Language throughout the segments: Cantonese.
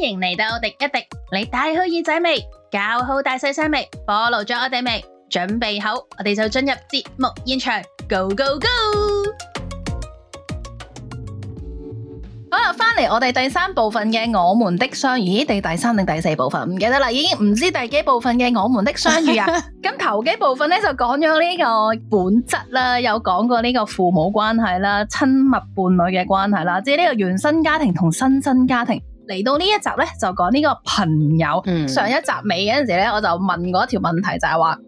歡迎嚟到廸一廸，你戴好耳仔未？搞好大細聲未？暴露咗我哋未？準備好，我哋就進入節目現場，Go Go Go！好啦，翻嚟我哋第三部分嘅我們的相遇，定第三定第四部分唔記得啦，已經唔知第幾部分嘅我們的相遇啊！咁頭幾部分咧就講咗呢個本質啦，有講過呢個父母關係啦、親密伴侶嘅關係啦，即係呢個原生家庭同新生家庭。嚟到呢一集咧，就講呢個朋友。嗯、上一集尾嗰陣時咧，我就問過一條問題就，就係話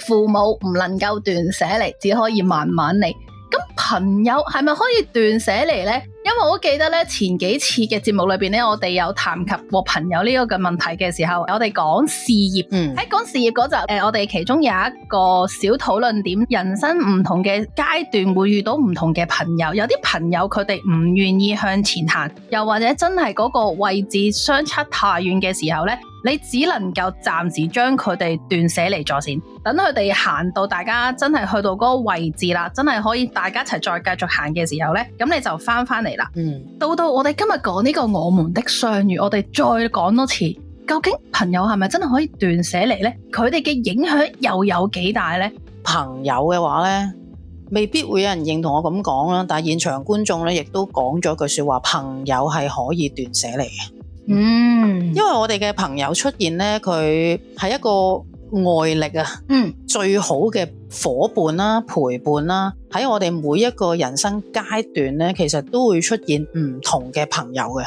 父母唔能夠斷捨離，只可以慢慢嚟。咁朋友係咪可以斷捨離咧？因為我都記得咧，前幾次嘅節目裏邊咧，我哋有談及過朋友呢個嘅問題嘅時候，我哋講事業。喺講、嗯、事業嗰陣、呃，我哋其中有一個小討論點：人生唔同嘅階段會遇到唔同嘅朋友，有啲朋友佢哋唔願意向前行，又或者真係嗰個位置相差太遠嘅時候呢，你只能夠暫時將佢哋斷捨離咗先，等佢哋行到大家真係去到嗰個位置啦，真係可以大家一齊再繼續行嘅時候呢，咁你就翻返嚟。嗯，到到我哋今日講呢個我們的相遇，我哋再講多次，究竟朋友係咪真係可以斷捨離呢？佢哋嘅影響又有幾大呢？朋友嘅話呢，未必會有人認同我咁講啦。但係現場觀眾呢，亦都講咗句說話：朋友係可以斷捨離嘅。嗯，因為我哋嘅朋友出現呢，佢係一個外力啊，嗯、最好嘅伙伴啦、啊，陪伴啦、啊，喺我哋每一個人生階段咧，其實都會出現唔同嘅朋友嘅，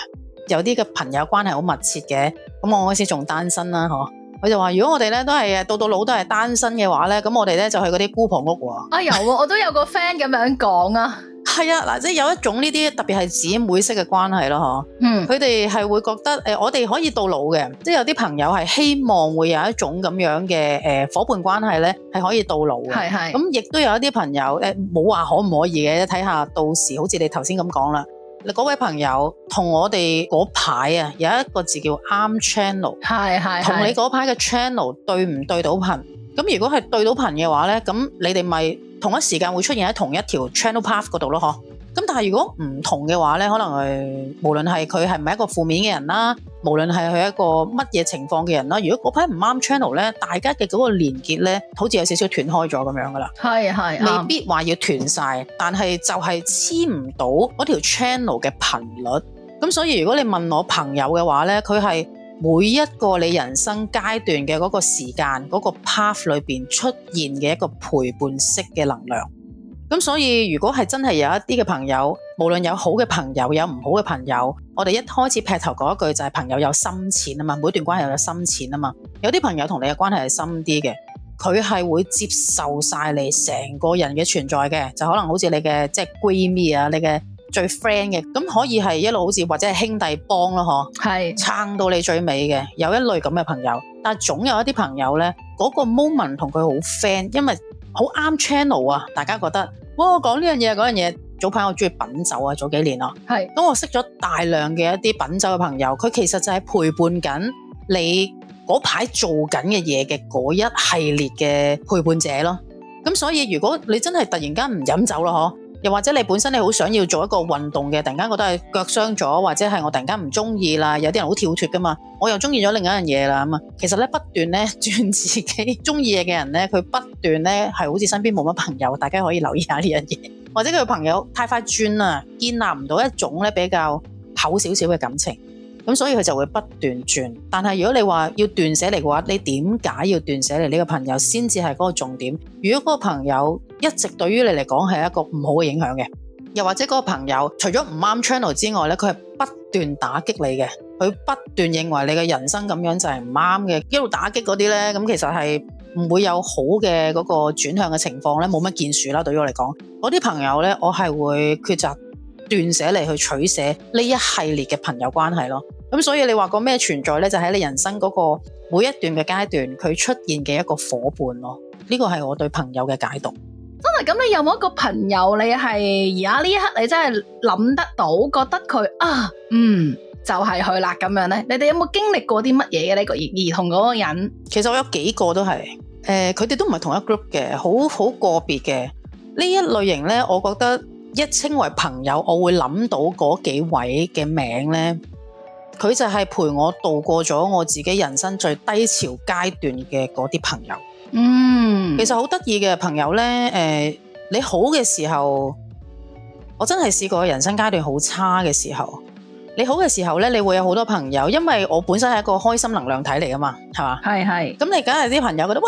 有啲嘅朋友關係好密切嘅，咁我開始仲單身啦、啊，嗬、啊，佢就話如果我哋咧都係誒到到老都係單身嘅話咧，咁我哋咧就去嗰啲姑婆屋喎、啊。啊有、哎，我都有個 friend 咁樣講啊。 係啊，嗱，即係有一種呢啲特別係姊妹式嘅關係咯，嗬。嗯。佢哋係會覺得，誒，我哋可以到老嘅，即係有啲朋友係希望會有一種咁樣嘅誒夥伴關係咧，係可以到老嘅。係係。咁亦都有一啲朋友，誒，冇話可唔可以嘅，睇下到時，好似你頭先咁講啦。你嗰位朋友同我哋嗰排啊，有一個字叫啱 channel。係係。同你嗰排嘅 channel 對唔對到頻？咁如果係對到頻嘅話咧，咁你哋咪？同一時間會出現喺同一條 channel path 度咯，嗬。咁但係如果唔同嘅話咧，可能係無論係佢係唔係一個負面嘅人啦，無論係佢一個乜嘢情況嘅人啦，如果嗰批唔啱 channel 咧，大家嘅嗰個連結咧，好似有少少斷開咗咁樣噶啦，係係未必話要斷晒，對但係就係黐唔到嗰條 channel 嘅頻率。咁所以如果你問我朋友嘅話咧，佢係。每一個你人生階段嘅嗰個時間嗰個 path 裏邊出現嘅一個陪伴式嘅能量，咁所以如果係真係有一啲嘅朋友，無論有好嘅朋友有唔好嘅朋友，我哋一開始劈頭講一句就係朋友有深淺啊嘛，每段關係有深淺啊嘛，有啲朋友同你嘅關係係深啲嘅，佢係會接受晒你成個人嘅存在嘅，就可能好似你嘅即係閨蜜啊，你嘅。最 friend 嘅，咁可以係一路好似或者係兄弟幫咯，嗬是，撐到你最尾嘅，有一類咁嘅朋友。但係總有一啲朋友呢，嗰個 moment 同佢好 friend，因為好啱 channel 啊。大家覺得，哇，我講呢樣嘢嗰樣嘢。早排我中意品酒啊，早幾年咯，係是。咁我識咗大量嘅一啲品酒嘅朋友，佢其實就係陪伴緊你嗰排做緊嘅嘢嘅嗰一系列嘅陪伴者咯。咁所以如果你真係突然間唔飲酒咯，嗬。又或者你本身你好想要做一個運動嘅，突然間覺得係腳傷咗，或者係我突然間唔中意啦，有啲人好跳脫噶嘛，我又中意咗另一樣嘢啦，咁啊，其實咧不斷咧轉自己中意嘅人咧，佢不斷咧係好似身邊冇乜朋友，大家可以留意下呢樣嘢，或者佢朋友太快轉啦，建立唔到一種咧比較厚少少嘅感情。咁所以佢就會不斷轉，但係如果你話要斷捨離嘅話，你點解要斷捨離呢個朋友先至係嗰個重點？如果嗰個朋友一直對於你嚟講係一個唔好嘅影響嘅，又或者嗰個朋友除咗唔啱 channel 之外咧，佢係不斷打擊你嘅，佢不斷認為你嘅人生咁樣就係唔啱嘅，一路打擊嗰啲咧，咁其實係唔會有好嘅嗰個轉向嘅情況咧，冇乜建樹啦。對於我嚟講，嗰啲朋友咧，我係會抉擇。斷捨離去取捨呢一系列嘅朋友關係咯，咁、嗯、所以你話個咩存在呢？就喺、是、你人生嗰個每一段嘅階段，佢出現嘅一個伙伴咯。呢個係我對朋友嘅解讀。真係咁，你有冇一個朋友你係而家呢一刻你真係諗得到，覺得佢啊，嗯，就係佢啦咁樣呢，你哋有冇經歷過啲乜嘢嘅呢、這個兒童嗰個人？其實我有幾個都係，誒、呃，佢哋都唔係同一 group 嘅，好好個別嘅呢一類型呢，我覺得。一稱為朋友，我會諗到嗰幾位嘅名呢。佢就係陪我度過咗我自己人生最低潮階段嘅嗰啲朋友。嗯，其實好得意嘅朋友呢，誒，你好嘅時候，我真係試過人生階段好差嘅時候，你好嘅時候呢，你會有好多朋友，因為我本身係一個開心能量體嚟噶嘛，係嘛？係係。咁你梗係啲朋友覺得哇，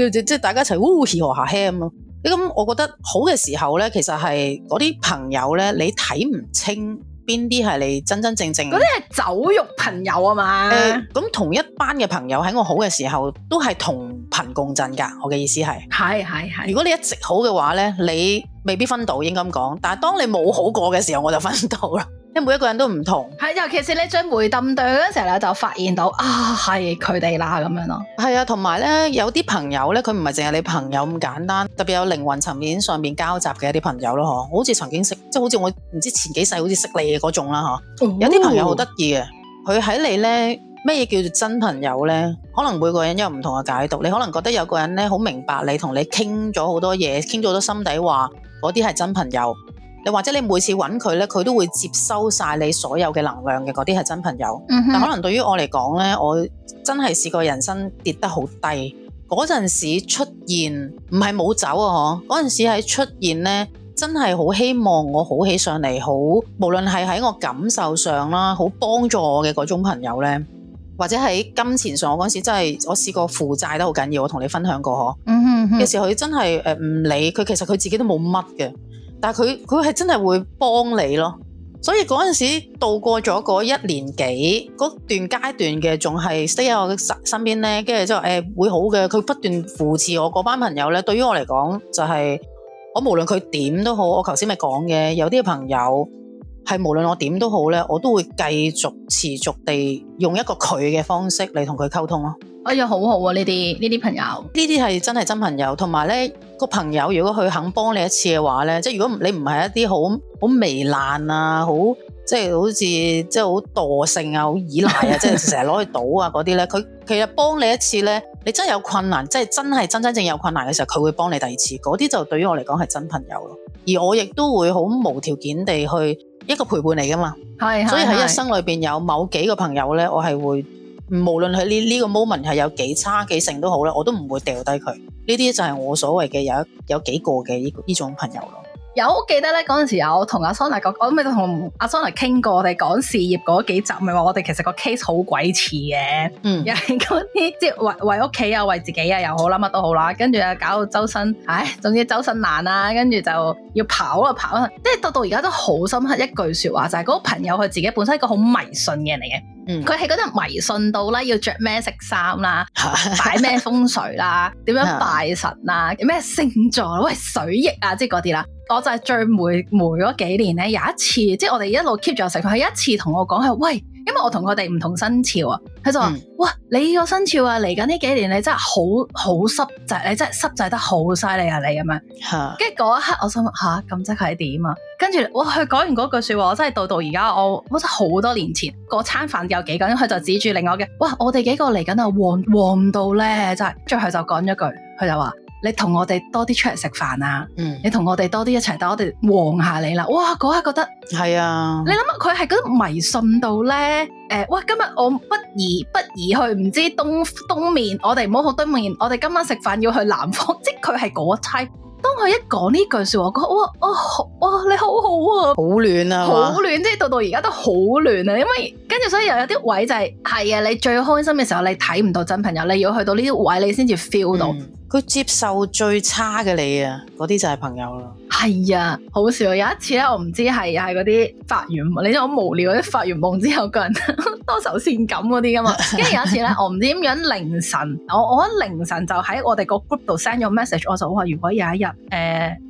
耶，即係大家一齊呼起喝下喊咯。咁，我覺得好嘅時候咧，其實係嗰啲朋友咧，你睇唔清邊啲係你真真正正。嗰啲係酒肉朋友啊嘛。咁、呃、同一班嘅朋友喺我好嘅時候，都係同頻共振噶。我嘅意思係，係係係。如果你一直好嘅話咧，你未必分到，應該咁講。但係當你冇好過嘅時候，我就分到啦。因為每一個人都唔同，係、啊、尤其是你將回淡對嗰陣時咧，你就發現到啊，係佢哋啦，咁樣咯。係啊，同埋咧，有啲朋友咧，佢唔係淨係你朋友咁簡單，特別有靈魂層面上面交集嘅一啲朋友咯。嗬，好似曾經識，即係好似我唔知前幾世好似識你嗰種啦。嗬，哦、有啲朋友好得意啊。佢喺你咧，咩嘢叫做真朋友咧？可能每個人有唔同嘅解讀。你可能覺得有個人咧好明白你，同你傾咗好多嘢，傾咗好多心底話，嗰啲係真朋友。你或者你每次揾佢呢，佢都會接收晒你所有嘅能量嘅，嗰啲係真朋友。嗯、哼但可能對於我嚟講呢，我真係試過人生跌得好低，嗰陣時出現唔係冇走啊！嗬，嗰陣時喺出現呢，真係好希望我好起上嚟，好無論係喺我感受上啦，好幫助我嘅嗰種朋友呢，或者喺金錢上，我嗰陣時真係我試過負債得好緊要，我同你分享過嗬。有、嗯、時佢真係誒唔理佢，其實佢自己都冇乜嘅。但係佢佢係真係會幫你咯，所以嗰陣時度過咗嗰一年幾段階段嘅，仲係 stay 喺我身身邊呢，跟住之後誒會好嘅，佢不斷扶持我嗰班朋友呢。對於我嚟講就係、是、我無論佢點都好，我頭先咪講嘅，有啲朋友。係無論我點都好咧，我都會繼續持續地用一個佢嘅方式嚟同佢溝通咯。哎呀，好好啊！呢啲呢啲朋友，呢啲係真係真朋友。同埋咧，個朋友如果佢肯幫你一次嘅話咧，即係如果你唔係一啲好好糜爛啊，即好即係好似即係好惰性啊，好依賴啊， 即係成日攞去賭啊嗰啲咧，佢其實幫你一次咧，你真係有困難，即係真係真真正有困難嘅時候，佢會幫你第二次。嗰啲就對於我嚟講係真朋友咯。而我亦都會好無條件地去。一個陪伴嚟噶嘛， 所以喺一生裏邊有某幾個朋友咧，我係會無論佢呢呢個 moment 係有幾差幾成都好咧，我都唔會掉低佢。呢啲就係我所謂嘅有一有幾個嘅呢呢種朋友咯。有記得咧嗰陣時，有同阿桑 o n n y 講，我同阿桑 o n n 傾過，我哋講事業嗰幾集，咪話我哋其實個 case 好鬼似嘅。嗯，又係嗰啲即係為為屋企啊，為自己啊又好啦，乜都好啦，跟住啊搞到周身，唉，仲之周身難啊，跟住就要跑啊跑啊，即係到到而家都好深刻。一句説話就係、是、嗰個朋友，佢自己本身一個好迷信嘅人嚟嘅，佢係嗰啲迷信到啦，要着咩色衫啦，擺咩風水啦，點樣拜神啦，咩星座喂水逆啊，即係嗰啲啦。我就係最霉霉嗰幾年咧，有一次，即係我哋一路 keep 住食飯佢，一次同我講係喂，因為我同佢哋唔同生肖啊，佢就話：嗯、哇，你個生肖啊，嚟緊呢幾年你真係好好濕滯，你真係濕滯得好犀利啊！你咁樣，跟住嗰一刻我心嚇，咁即係點啊？跟住、啊、哇，佢講完嗰句説話，我真係到到而家，我覺得好多年前嗰餐飯有幾個人，佢就指住另外嘅，哇！我哋幾個嚟緊啊，旺旺到咧，真、就、係、是，最後就講咗句，佢就話。你同我哋多啲出嚟食飯啊！嗯、你同我哋多啲一齊，帶我哋望下你啦！哇，嗰下覺得係啊！你諗下，佢係嗰啲迷信到咧，誒、呃，哇！今日我不宜不宜去，唔知東東面，我哋唔好好東面，我哋今晚食飯要去南方，即係佢係嗰態。當佢一講呢句說話，我覺得哇，我哇，哇，哇，你好好啊，好暖啊，好暖，即係哇到到而家都好暖啊，因為跟住所以又有啲位就係係啊！你最開心嘅時候，你睇唔到真朋友，你要去到呢啲位、嗯，你先至 feel 到。佢接受最差嘅你啊，嗰啲就係朋友啦。係啊，好笑、哦！有一次咧，我唔知係係嗰啲發完，你都好無聊啲 發完夢之後，個人多愁善感嗰啲噶嘛。跟住有一次咧， 我唔知點樣凌晨，我我喺凌晨就喺我哋個 group 度 send 咗 message，我就話：如果有一日誒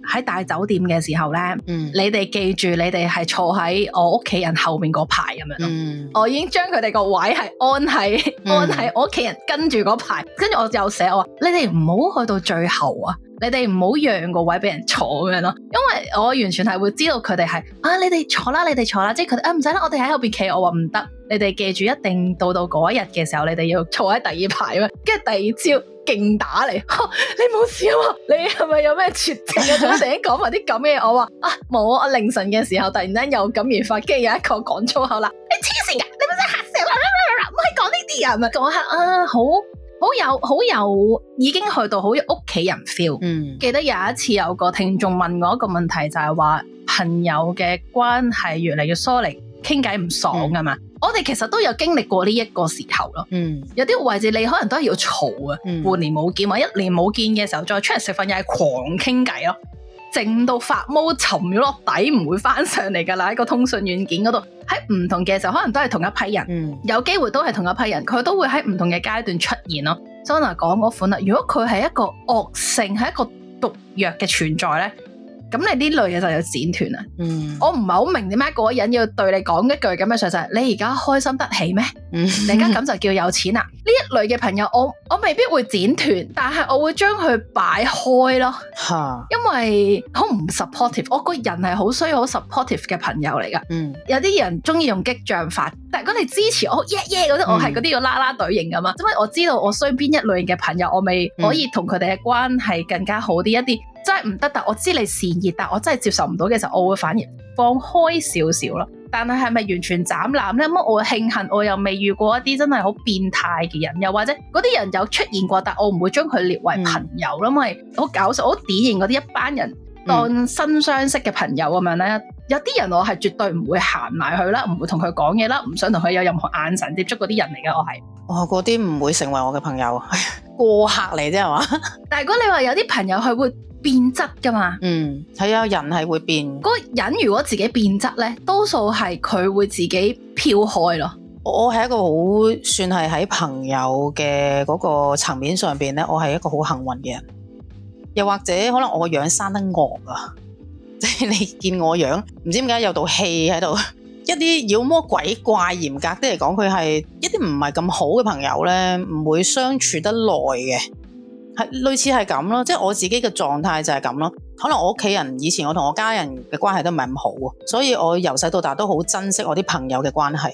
喺大酒店嘅時候咧，嗯、你哋記住你哋係坐喺我屋企人後面嗰排咁樣咯。嗯、我已經將佢哋個位係安喺、嗯、安喺我屋企人跟住嗰排，跟住我就寫我話：你哋唔好。去到最後啊！你哋唔好讓個位俾人坐咁樣咯，因為我完全係會知道佢哋係啊！你哋坐啦，你哋坐啦，即係佢哋啊唔使啦，我哋喺後邊企。我話唔得，你哋記住一定到到嗰日嘅時候，你哋要坐喺第二排啊嘛。跟住第二朝勁打嚟，你冇事啊？你係咪有咩絕症啊？做咩成日講埋啲咁嘢？我話啊冇啊！凌晨嘅時候突然間又咁研發，跟住有一個講粗口啦！你黐線噶，你唔使吓死啦！唔係講呢啲人，嗰刻啊好。好好有好有，已經去到好有屋企人 feel。嗯、記得有一次有個聽眾問我一個問題，就係話朋友嘅關係越嚟越疏離，傾偈唔爽㗎嘛。嗯、我哋其實都有經歷過呢一個時候咯。嗯、有啲位置你可能都係要嘈啊。嗯、半年冇見或一年冇見嘅時候，再出嚟食飯又係狂傾偈咯。靜到發毛沉咗落底唔會翻上嚟噶啦。喺個通訊軟件嗰度，喺唔同嘅時候可能都係同一批人，嗯、有機會都係同一批人，佢都會喺唔同嘅階段出現咯。所以我講嗰款啦，如果佢係一個惡性，係一個毒藥嘅存在咧。咁你呢類嘢就有剪斷啦。嗯，我唔係好明點解嗰個人要對你講一句咁嘅上就係、你而家開心得起咩？而家咁就叫有錢啊？呢 一類嘅朋友我，我我未必會剪斷，但係我會將佢擺開咯。吓哈，因為好唔 supportive，我個人係好需要好 supportive 嘅朋友嚟噶。嗯，有啲人中意用激將法，但係如果你支持我，耶耶嗰啲，我係嗰啲要啦啦隊型噶嘛。因為我知道我需邊一類嘅朋友，我咪可以同佢哋嘅關係更加好啲一啲。嗯真係唔得，但我知你善意，但我真係接受唔到嘅時候，我會反而放開少少囉。但係係咪完全斬纜呢？咁我慶幸我又未遇過一啲真係好變態嘅人，又或者嗰啲人有出現過，但我唔會將佢列為朋友囉。嗯、因為好搞笑，好、嗯、典型嗰啲一班人當新相識嘅朋友咁樣呢。嗯、有啲人我係絕對唔會行埋去啦，唔會同佢講嘢啦，唔想同佢有任何眼神接觸嗰啲人嚟嘅，我係。我嗰啲唔會成為我嘅朋友，哎、過客嚟啫係嘛？ 但係如果你話有啲朋友佢會。變質噶嘛？嗯，係啊，人係會變。嗰個人如果自己變質呢，多數係佢會自己漂開咯。我係一個好，算係喺朋友嘅嗰個層面上邊呢，我係一個好幸運嘅人。又或者可能我個樣生得惡、呃、啊，即 係你見我樣唔知點解有道氣喺度。 一啲妖魔鬼怪，嚴格啲嚟講，佢係一啲唔係咁好嘅朋友呢，唔會相處得耐嘅。係類似係咁咯，即係我自己嘅狀態就係咁咯。可能我屋企人以前我同我家人嘅關係都唔係咁好，所以我由細到大都好珍惜我啲朋友嘅關係。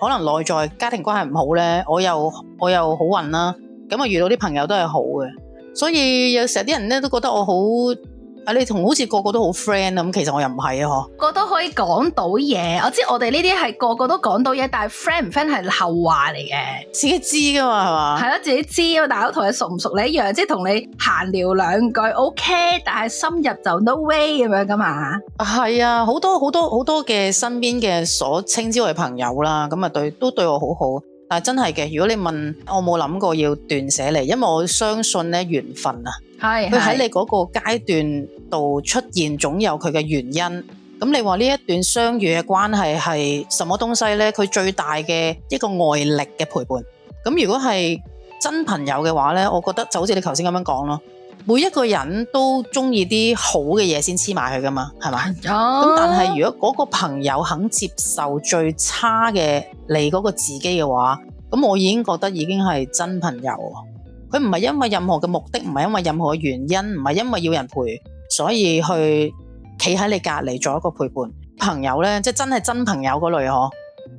可能內在家庭關係唔好呢，我又我又好運啦，咁啊遇到啲朋友都係好嘅。所以有時啲人呢都覺得我好。啊！你同好似個個都好 friend 啊，咁其實我又唔係啊，嗬？個個都可以講到嘢，我知我哋呢啲係個個都講到嘢，但係 friend 唔 friend 係後話嚟嘅、啊，自己知噶嘛，係嘛？係咯，自己知，啊。大佬同你熟唔熟你一樣，即係同你閒聊兩句 OK，但係深入就 no way 咁樣噶嘛？係啊，好多好多好多嘅身邊嘅所稱之為朋友啦，咁啊對都對我好好，但係真係嘅，如果你問我冇諗過要斷捨離，因為我相信咧緣分啊，係佢喺你嗰個階段。度出現總有佢嘅原因。咁你話呢一段相遇嘅關係係什麼東西呢？佢最大嘅一個外力嘅陪伴。咁如果係真朋友嘅話呢，我覺得就好似你頭先咁樣講咯。每一個人都中意啲好嘅嘢先黐埋佢噶嘛，係咪？咁 Yeah. 但係如果嗰個朋友肯接受最差嘅你嗰個自己嘅話，咁我已經覺得已經係真朋友。佢唔係因為任何嘅目的，唔係因為任何嘅原因，唔係因為要人陪。所以去企喺你隔籬做一個陪伴朋友咧，即係真係真朋友嗰類嗬，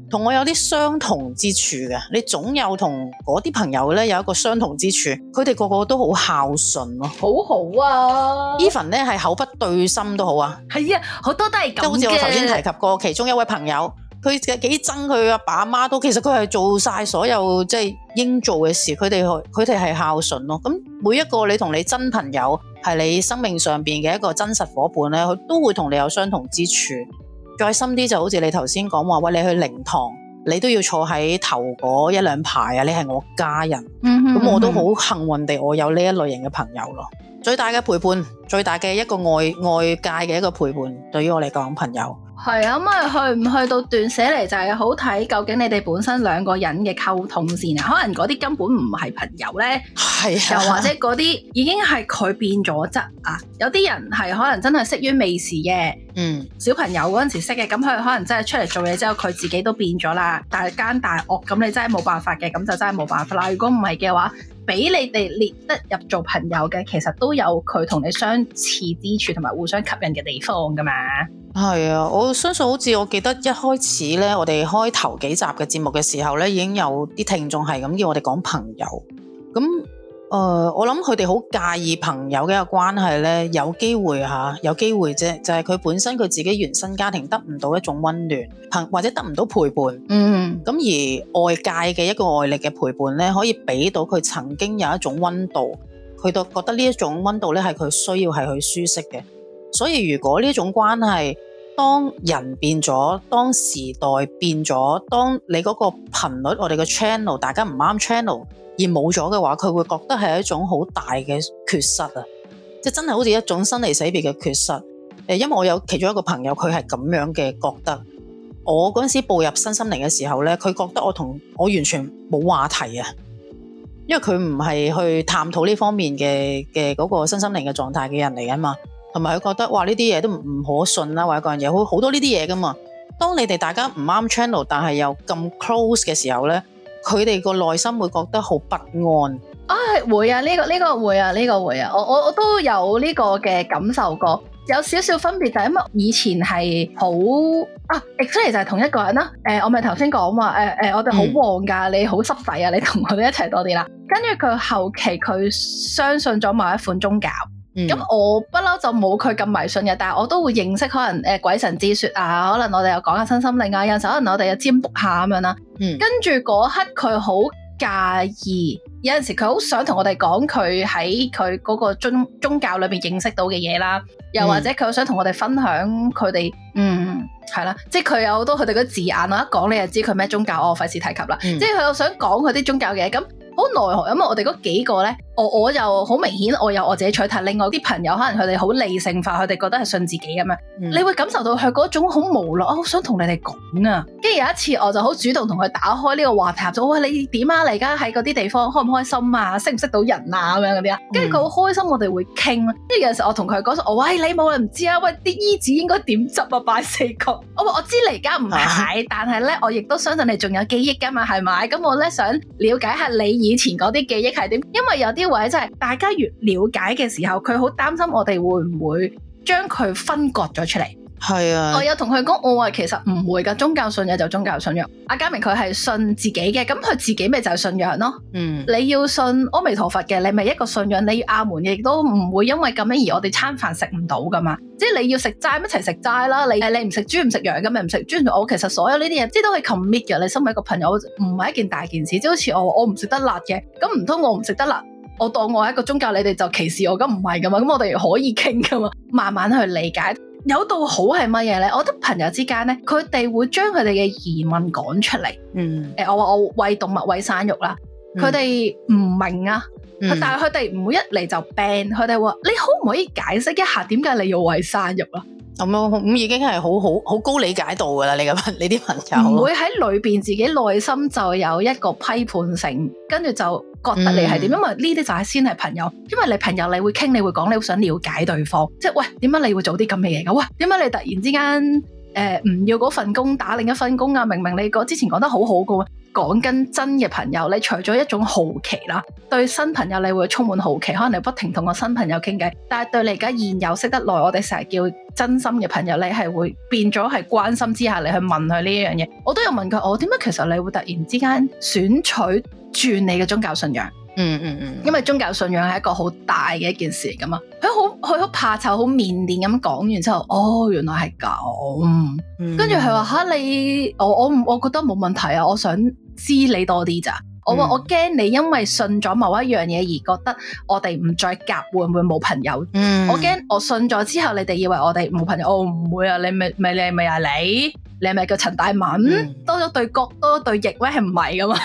同我有啲相同之處嘅，你總有同嗰啲朋友咧有一個相同之處，佢哋個個都好孝順咯，啊，好好啊！Even 咧係口不對心都好啊，係啊，好多都係咁。好似我頭先提及過其中一位朋友，佢幾憎佢阿爸阿媽都，其實佢係做晒所有即係應做嘅事，佢哋佢佢哋係孝順咯，啊。咁每一個你同你真朋友。係你生命上邊嘅一個真實伙伴咧，佢都會同你有相同之處。再深啲就好似你頭先講話，喂，你去靈堂，你都要坐喺頭嗰一兩排啊！你係我家人，咁，嗯哼，我都好幸運地，我有呢一類型嘅朋友咯。嗯哼，最大嘅陪伴，最大嘅一個外外界嘅一個陪伴，對於我嚟講，朋友。係啊，咁、嗯、啊去唔去到斷捨離就係、是、好睇，究竟你哋本身兩個人嘅溝通先啊，可能嗰啲根本唔係朋友咧，啊、又或者嗰啲已經係佢變咗質啊，有啲人係可能真係識於微時嘅，嗯，小朋友嗰陣時識嘅，咁佢可能真係出嚟做嘢之後佢自己都變咗啦，大奸大惡咁你真係冇辦法嘅，咁就真係冇辦法啦。如果唔係嘅話。俾你哋列得入做朋友嘅，其實都有佢同你相似之處，同埋互相吸引嘅地方㗎嘛。係啊，我相信好似我記得一開始呢，我哋開頭幾集嘅節目嘅時候呢，已經有啲聽眾係咁叫我哋講朋友咁。誒，uh, 我諗佢哋好介意朋友嘅一個關係咧，有機會吓，有機會啫，就係、是、佢本身佢自己原生家庭得唔到一種溫暖，朋或者得唔到陪伴，嗯、mm，咁、hmm. 而外界嘅一個外力嘅陪伴呢，可以俾到佢曾經有一種溫度，佢都覺得呢一種溫度呢係佢需要係去舒適嘅，所以如果呢種關係。當人變咗，當時代變咗，當你嗰個頻率，我哋嘅 channel，大家唔啱 channel 而冇咗嘅話，佢會覺得係一種好大嘅缺失啊！即真係好似一種生離死別嘅缺失。因為我有其中一個朋友，佢係咁樣嘅覺得。我嗰陣時步入身心靈嘅時候呢，佢覺得我同我完全冇話題啊，因為佢唔係去探討呢方面嘅嘅嗰個身心靈嘅狀態嘅人嚟啊嘛。同埋佢覺得哇，呢啲嘢都唔可信啦，或者嗰樣嘢，好好多呢啲嘢㗎嘛。當你哋大家唔啱 channel，但係又咁 close 嘅時候咧，佢哋個內心會覺得好不安。啊，會啊，呢、呢個呢、呢個會啊，呢、呢個會啊，我我我都有呢個嘅感受過，有少少分別就係因為以前係好啊 exactly 就係同一個人啦、啊。誒、呃，我咪頭先講話誒誒，我哋好旺㗎，嗯、你好濕滯啊，你同佢一齊多啲啦、啊。跟住佢後期佢相信咗某一款宗教。咁、嗯、我不嬲就冇佢咁迷信嘅，但係我都會認識可能誒、呃、鬼神之說啊，可能我哋又講下身心靈啊，有陣時可能我哋又占卜下咁樣啦、啊。嗯、跟住嗰刻佢好介意，有陣時佢好想同我哋講佢喺佢嗰個宗宗教裏邊認識到嘅嘢啦，又或者佢好想同我哋分享佢哋，嗯，係啦，即係佢有好多佢哋嘅字眼，我一講你就知佢咩宗教，我費事提及啦。嗯、即係佢又想講佢啲宗教嘅，咁好奈何，因為我哋嗰幾個咧。我我又好明顯，我有我自己取態。另外啲朋友可能佢哋好理性化，佢哋覺得係信自己咁樣。嗯、你會感受到佢嗰種好無奈，我好想同你哋講啊。跟住有一次我就好主動同佢打開呢個話題，就喂，你點啊？你而家喺嗰啲地方開唔開心啊？識唔識到人啊？咁樣嗰啲啊。跟住佢好開心，我哋會傾咯。跟住有陣時我同佢講，我喂，你冇人唔知啊？喂啲衣紙應該點執啊？擺四角。我話我知你而家唔係，但係咧我亦都相信你仲有記憶㗎嘛，係咪？咁、嗯、我咧想了解下你以前嗰啲記憶係點，因為有啲。或者係大家越了解嘅時候，佢好擔心我哋會唔會將佢分割咗出嚟？係啊的，我有同佢講，我話其實唔會噶。宗教信仰就宗教信仰。阿家明佢係信自己嘅，咁佢自己咪就係信仰咯。嗯，你要信阿彌陀佛嘅，你咪一個信仰。你要阿門亦都唔會因為咁樣而我哋餐飯食唔到噶嘛？即係你要食齋，一齊食齋啦。你誒，你唔食豬唔食羊咁咪唔食豬。我其實所有呢啲嘢，即係都係 commit 嘅。你身為一個朋友，唔係一件大件事。即好似我，我唔食得辣嘅，咁唔通我唔食得辣？我當我係一個宗教，你哋就歧視我咁唔係噶嘛？咁我哋可以傾噶嘛，慢慢去理解。有道好係乜嘢咧？我覺得朋友之間咧，佢哋會將佢哋嘅疑問講出嚟。嗯，誒、欸，我話我喂動物喂生肉啦，佢哋唔明啊，嗯、但係佢哋唔會一嚟就 ban，佢哋話你可唔可以解釋一下點解你要喂生肉啊？咁咯，咁已經係好好好高理解度噶啦，你嘅你啲朋友唔會喺裏邊自己內心就有一個批判性，跟住就覺得你係點，嗯、因為呢啲就係先係朋友，因為你朋友你會傾，你會講，你好想了解對方，即係喂點解你會做啲咁嘅嘢，咁喂點解你突然之間誒唔要嗰份工打另一份工啊？明明你之前講得好好噶。講緊真嘅朋友，你除咗一種好奇啦，對新朋友你會充滿好奇，可能你不停同個新朋友傾偈。但係對你而家現有識得耐，我哋成日叫真心嘅朋友，你係會變咗係關心之下，你去問佢呢樣嘢。我都有問佢，我點解其實你會突然之間選取轉你嘅宗教信仰？嗯嗯嗯，因為宗教信仰係一個好大嘅一件事嚟噶嘛。佢好佢好怕醜，好靦腆咁講完之後，哦，原來係咁，跟住佢話吓你，我我我覺得冇問題啊，我想知你多啲咋，我話我驚你因為信咗某一樣嘢而覺得我哋唔再夾，會唔會冇朋友？嗯、我驚我信咗之後，你哋以為我哋冇朋友，我、哦、唔會啊，你咪咪你咪啊你，你咪叫陳大敏、嗯，多咗對角多咗對翼，喂係唔係噶嘛？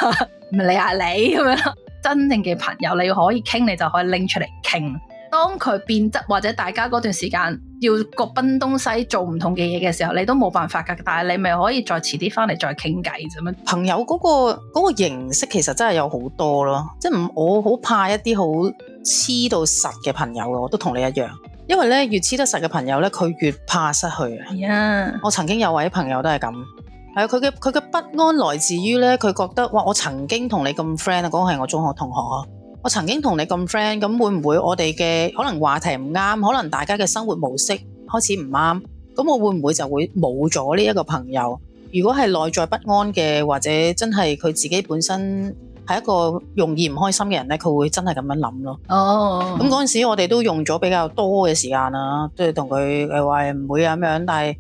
咪 會你啊你咁樣咯。 真正嘅朋友，你可以傾，你就可以拎出嚟傾。當佢變質或者大家嗰段時間要各奔東西做唔同嘅嘢嘅時候，你都冇辦法㗎。但係你咪可以再遲啲翻嚟再傾偈啫嘛。朋友嗰、嗰個嗰個形式其實真係有好多咯，即係我好怕一啲好黐到實嘅朋友，我都同你一樣。因為咧，越黐得實嘅朋友咧，佢越怕失去啊。Yeah. 我曾經有位朋友都係咁。係啊，佢嘅佢嘅不安來自於咧，佢覺得哇，我曾經同你咁 friend 啊，嗰個係我中學同學啊，我曾經同你咁 friend，咁會唔會我哋嘅可能話題唔啱，可能大家嘅生活模式開始唔啱，咁我會唔會就會冇咗呢一個朋友？如果係內在不安嘅，或者真係佢自己本身係一個容易唔開心嘅人咧，佢會真係咁樣諗咯。哦，咁嗰陣時我哋都用咗比較多嘅時間啦，即係同佢誒話唔會啊咁樣，但係。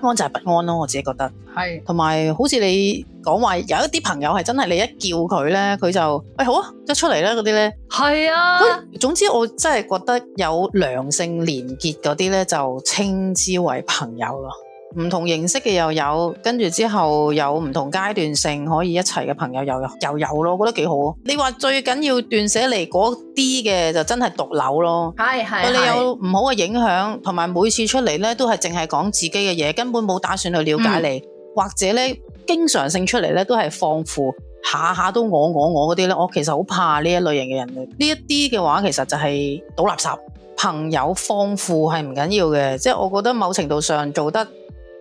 不安就係不安咯，我自己覺得。係。同埋好似你講話有一啲朋友係真係你一叫佢咧，佢就「喂、哎、好啊，一出嚟啦」嗰啲咧。係啊。總之我真係覺得有良性連結嗰啲咧，就稱之為朋友咯。唔同形式嘅又有，跟住之後有唔同階段性可以一齊嘅朋友又有又有咯，覺得幾好。你話最緊要斷捨離嗰啲嘅就真係毒瘤咯。係係。你有唔好嘅影響，同埋每次出嚟咧都係淨係講自己嘅嘢，根本冇打算去了解你，嗯、或者咧經常性出嚟咧都係放負，下下都我我我嗰啲咧，我其實好怕呢一類型嘅人嚟。呢一啲嘅話，其實就係倒垃圾，朋友放負係唔緊要嘅，即係我覺得某程度上做得。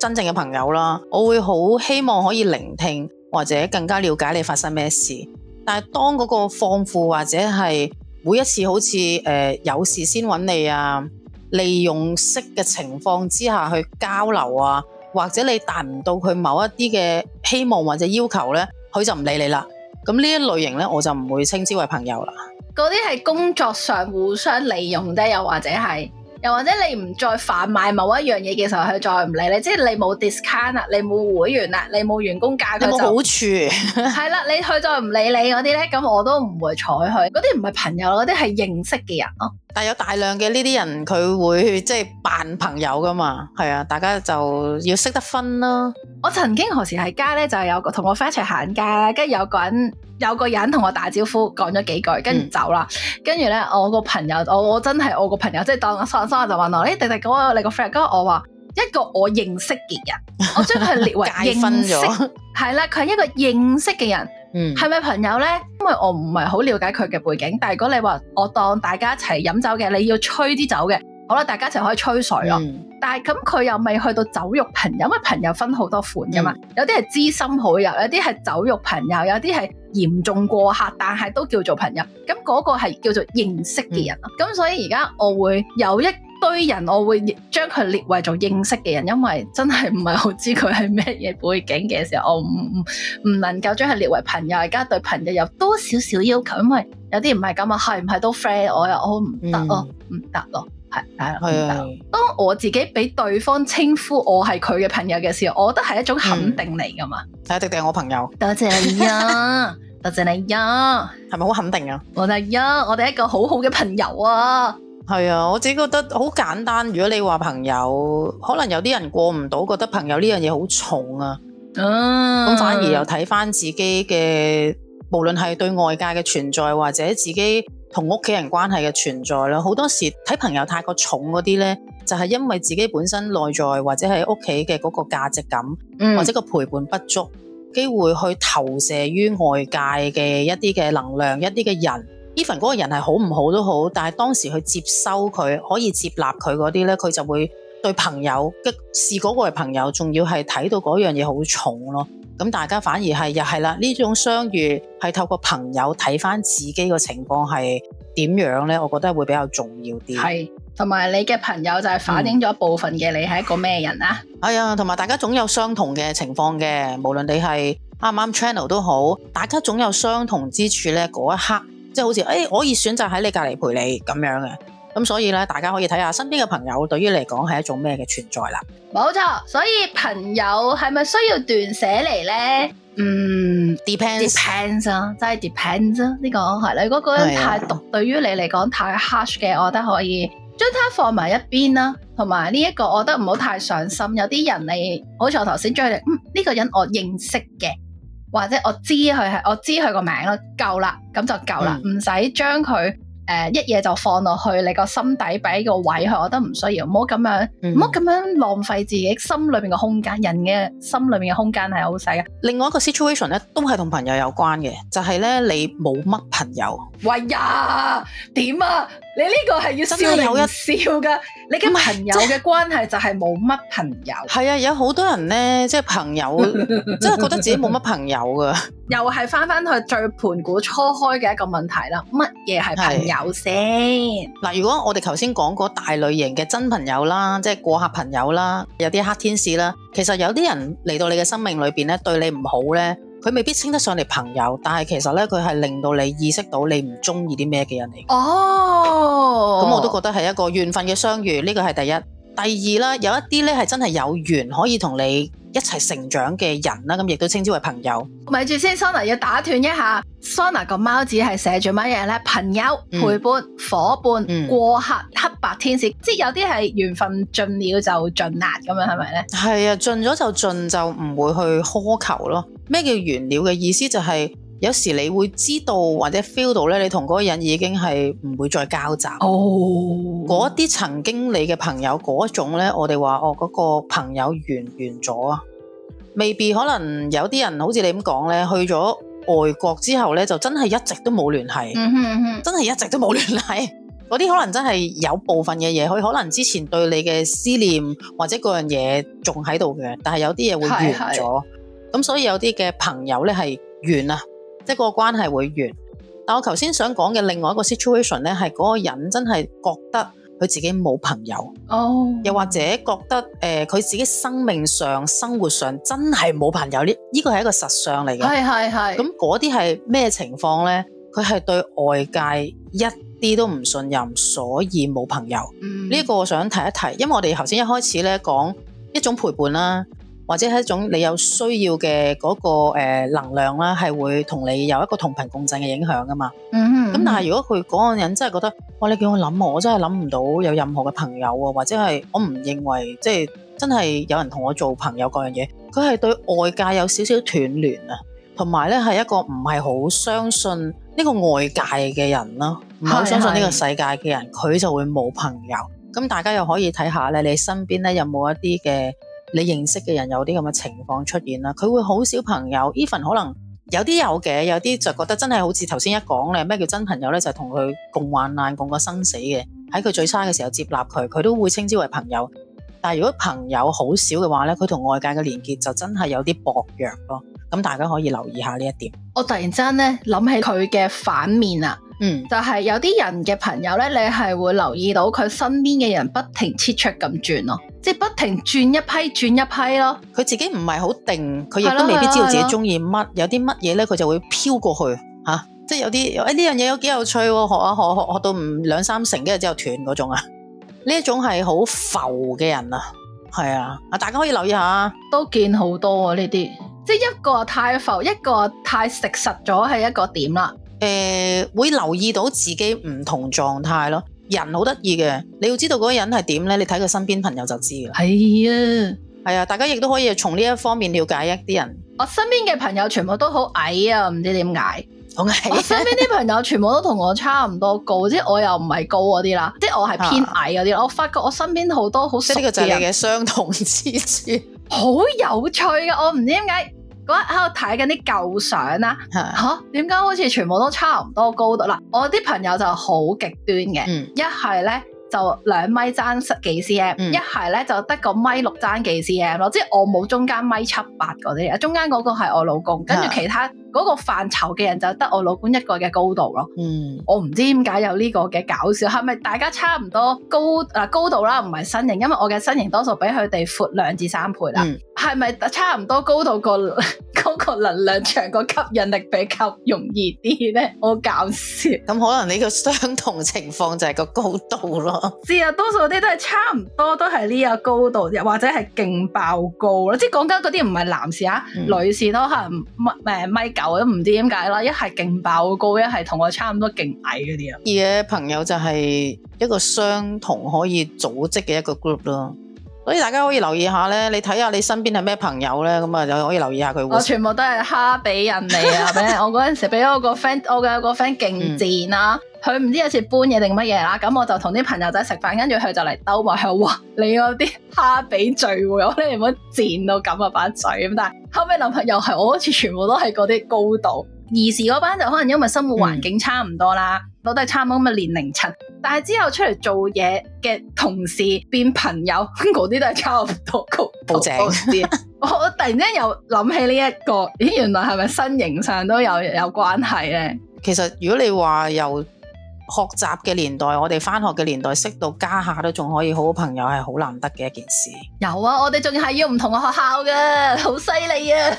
真正嘅朋友啦，我會好希望可以聆聽或者更加了解你發生咩事。但係當嗰個放負或者係每一次好似誒、呃、有事先揾你啊，利用式嘅情況之下去交流啊，或者你達唔到佢某一啲嘅希望或者要求咧，佢就唔理你啦。咁呢一類型咧，我就唔會稱之為朋友啦。嗰啲係工作上互相利用啫，又或者係。又或者你唔再販賣某一樣嘢嘅時候，佢再唔理你，即係你冇 discount 啦，你冇會員啦，你冇員工價佢冇好處。係 啦，你佢再唔理你嗰啲咧，咁我都唔會睬佢。嗰啲唔係朋友，嗰啲係認識嘅人咯。但係有大量嘅呢啲人，佢會去即係扮朋友噶嘛？係啊，大家就要識得分咯。我曾經何時係家咧，就係有個同我 friend 一齊行街啦，跟住有個人。有個人同我打招呼，講咗幾句，跟住走啦。跟住咧，我個朋友，我我真係我個朋友，即係當我放心，我就問我：，咦、哎，迪迪哥，你個 friend 哥，哥，我話一個我認識嘅人，我將佢列為認識，係啦 了，佢係一個認識嘅人，嗯，係咪朋友咧？因為我唔係好了解佢嘅背景，但係如果你話我當大家一齊飲酒嘅，你要吹啲酒嘅。好啦，大家一齊可以吹水咯。嗯、但係咁佢又未去到酒肉朋友，因為朋友分好多款噶嘛嗯、有啲係知心好友，有啲係酒肉朋友，有啲係嚴重過客，但係都叫做朋友。咁嗰個係叫做認識嘅人咯。咁、嗯、所以而家我會有一堆人，我會將佢列為做認識嘅人，因為真係唔係好知佢係咩嘢背景嘅時候，我唔唔唔能夠將佢列為朋友。而家對朋友有多少少要求，因為有啲唔係咁啊，係唔係都 friend 我又我唔得咯，唔得咯。嗯係係啊！當我自己俾對方稱呼我係佢嘅朋友嘅時候，我覺得係一種肯定嚟噶嘛。係啊，直定係我、anyway? 朋友。多謝你啊！多謝你啊！係咪好肯定啊？我哋一，我哋一個好好嘅朋友啊！係啊，我自己覺得好簡單。如果你話朋友，可能有啲人過唔到，覺得朋友呢樣嘢好重啊。嗯、uh，咁、uh. 反而又睇翻自己嘅，無論係對外界嘅存在或者自己。同屋企人關係嘅存在咯，好多時睇朋友太過重嗰啲呢，就係、係、因為自己本身內在或者喺屋企嘅嗰個價值感，嗯、或者個陪伴不足，機會去投射於外界嘅一啲嘅能量，一啲嘅人，even 嗰個人係好唔好都好，但係當時去接收佢，可以接納佢嗰啲呢，佢就會對朋友嘅視嗰個為朋友，仲要係睇到嗰樣嘢好重咯。咁大家反而係又係啦，呢、就是、種相遇係透過朋友睇翻自己個情況係點樣呢？我覺得會比較重要啲。係，同埋你嘅朋友就係反映咗部分嘅你係一個咩人啊？係啊、嗯，同、哎、埋大家總有相同嘅情況嘅，無論你係啱唔啱 channel 都好，大家總有相同之處呢。嗰一刻即係、就是、好似誒、哎，可以選擇喺你隔籬陪你咁樣嘅。咁、嗯、所以咧，大家可以睇下身邊嘅朋友對於你嚟講係一種咩嘅存在啦。冇錯，所以朋友係咪需要斷捨離咧？嗯，depends，depends Dep 啊，真係 depends 啊。呢個係你嗰個人態度的對於你嚟講太 harsh 嘅，我覺得可以將佢放埋一邊啦。同埋呢一個，我覺得唔好太上心。有啲人好你好似我頭先追嘅，嗯，呢個人我認識嘅，或者我知佢係我知佢個名咯，夠啦，咁就夠啦，唔使將佢。誒、呃、一嘢就放落去你個心底俾個位去，我覺得唔需要，唔好咁樣，唔好咁樣浪費自己心裏邊嘅空間。人嘅心裏面嘅空間係好細嘅。另外一個 situation 咧，都係同朋友有關嘅，就係、是、咧你冇乜朋友。喂、哎、呀，點啊？你呢個係要心有一笑噶？你嘅朋友嘅關係就係冇乜朋友。係 啊，有好多人咧，即、就、係、是、朋友，即係 覺得自己冇乜朋友噶。又係返返去最盤古初開嘅一個問題啦。乜嘢係朋友？有嗱，如果我哋頭先講過大類型嘅真朋友啦，即係過客朋友啦，有啲黑天使啦，其實有啲人嚟到你嘅生命裏邊咧，對你唔好咧，佢未必稱得上你朋友，但係其實咧，佢係令到你意識到你唔中意啲咩嘅人嚟。哦，咁我都覺得係一個緣分嘅相遇，呢個係第一。第二啦，有一啲咧係真係有緣可以同你。一齊成長嘅人啦，咁亦都稱之為朋友。咪住先，Sona 要打斷一下，Sona 個貓字係寫住乜嘢咧？朋友陪伴、嗯、伙伴、過客、黑白天使，即係有啲係緣分盡了就盡啦，咁樣係咪咧？係啊，盡咗就盡，就唔會去苛求咯。咩叫緣了嘅意思，就係？就係。有時你會知道或者 feel 到咧，你同嗰個人已經係唔會再交集、oh.。哦，嗰啲曾經你嘅朋友，嗰種咧，我哋話哦，嗰個朋友完完咗啊。Maybe 可能有啲人好似你咁講咧，去咗外國之後咧，就真係一直都冇聯繫，mm hmm. 真係一直都冇聯繫。嗰 啲可能真係有部分嘅嘢，佢可能之前對你嘅思念或者嗰樣嘢仲喺度嘅，但係有啲嘢會完咗。咁是所以有啲嘅朋友咧係完啊。即係個關係會完，但我頭先想講嘅另外一個 situation 咧，係嗰個人真係覺得佢自己冇朋友，哦，oh. 又或者覺得誒佢、呃、自己生命上、生活上真係冇朋友呢？呢個係一個實相嚟嘅，係係係。咁嗰啲係咩情況咧？佢係對外界一啲都唔信任，所以冇朋友。呢一、嗯、個我想提一提，因為我哋頭先一開始咧講一種陪伴啦。或者係一種你有需要嘅嗰個誒能量啦，係會同你有一個同頻共振嘅影響㗎嘛。嗯嗯。咁但係如果佢嗰個人真係覺得，哇！你叫我諗，我真係諗唔到有任何嘅朋友啊，或者係我唔認為即係真係有人同我做朋友嗰樣嘢，佢係對外界有少少斷聯啊，同埋咧係一個唔係好相信呢個外界嘅人咯，唔係好相信呢個世界嘅人，佢就會冇朋友。咁大家又可以睇下咧，你身邊咧有冇一啲嘅？你認識嘅人有啲咁嘅情況出現啦，佢會好少朋友，Even 可能有啲有嘅，有啲就覺得真係好似頭先一講咧，咩叫真朋友咧，就係同佢共患難、共過生死嘅，喺佢最差嘅時候接納佢，佢都會稱之為朋友。但係如果朋友好少嘅話咧，佢同外界嘅連結就真係有啲薄弱咯。咁大家可以留意下呢一點。我突然之間咧諗起佢嘅反面啊！嗯，就係、是、有啲人嘅朋友咧，你係會留意到佢身邊嘅人不停切出咁轉咯，即係不停轉一批轉一批咯。佢自己唔係好定，佢亦都未必知道自己中意乜，有啲乜嘢咧佢就會飄過去嚇、啊，即係有啲誒呢樣嘢有幾有趣喎，學啊學啊學學到唔兩三成，跟住之後斷嗰種啊，呢一種係好浮嘅人啊，係啊啊大家可以留意下，都見好多呢、啊、啲，即係一個太浮，一個太食實咗係一個點啦。誒、呃，會留意到自己唔同狀態咯。人好得意嘅，你要知道嗰個人係點咧，你睇佢身邊朋友就知嘅。係啊，係啊，大家亦都可以從呢一方面了解一啲人。我身邊嘅朋友全部都好矮啊，唔知點解。好矮。我身邊啲朋友全部都同我差唔多高， 即係我又唔係高嗰啲啦，即係我係偏矮嗰啲。啊、我發覺我身邊好多好識。即呢個就係你嘅相同之處， 好有趣啊，我唔知點解。日喺度睇緊啲舊相啦，嚇點解好似全部都差唔多高度？嗱，我啲朋友就好極端嘅，一係咧就兩米爭十幾 cm，嗯、呢一係咧就得個米六爭幾 cm 咯。即係我冇中間米七八嗰啲，中間嗰個係我老公跟住其他。嗰個範疇嘅人就得我老公一個嘅高度咯，嗯、我唔知點解有呢個嘅搞笑，係咪大家差唔多高嗱、啊、高度啦，唔係身形，因為我嘅身形多數比佢哋闊兩至三倍啦，係咪、嗯、差唔多高度個嗰個能量場個吸引力比較容易啲咧？我搞笑，咁可能呢個相同情況就係個高度咯，是啊，多數啲都係差唔多，都係呢個高度，又或者係勁爆高咯，即係講緊嗰啲唔係男士啊，嗯、女士都可能麥誒我都唔知點解啦，一係勁爆高，一係同我差唔多勁矮嗰啲啊。而咧，朋友就係一個相同可以組織嘅一個 group 咯。所以大家可以留意下咧，你睇下你身邊係咩朋友咧，咁啊就可以留意下佢。我全部都係哈 比人嚟啊！我嗰陣時俾咗個 friend，我嘅嗰個 friend 勁賤啦，佢唔知有次搬嘢定乜嘢啦，咁我就同啲朋友仔食飯，跟住佢就嚟兜埋去話：你嗰啲哈比聚會我咧，你唔好賤到咁啊把嘴！咁但係後尾，諗下又係，我好似全部都係嗰啲高度，兒時嗰班就可能因為生活環境差唔多啦，嗯、都係差唔多咁嘅年齡層。但係之後出嚟做嘢嘅同事變朋友，嗰 啲都係差唔多，好正啲。 我突然間又諗起呢、這、一個，咦，原來係咪身形上都有有關係咧？其實如果你話由學習嘅年代，我哋返學嘅年代識到家下都仲可以好好朋友，係好難得嘅一件事。有啊，我哋仲係要唔同嘅學校噶，好犀利啊！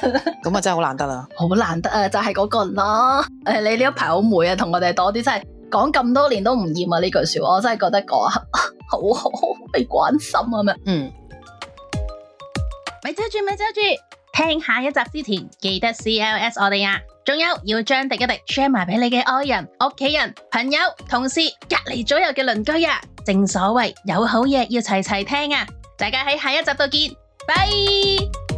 咁啊，真係好難得啊，好 難得啊，就係、是、嗰個咯。誒、哎，你呢一排好悶啊，同我哋多啲真係。講咁多年都唔厭啊！呢句說話我真係覺得講下好好好被關心啊咩？嗯，咪遮住，咪遮住，聽下一集之前記得 CLS 我哋啊，仲有要將廸一廸 share 埋俾你嘅愛人、屋企人、朋友、同事、隔籬左右嘅鄰居啊！正所謂有好嘢要齊齊聽啊！大家喺下一集度見，拜。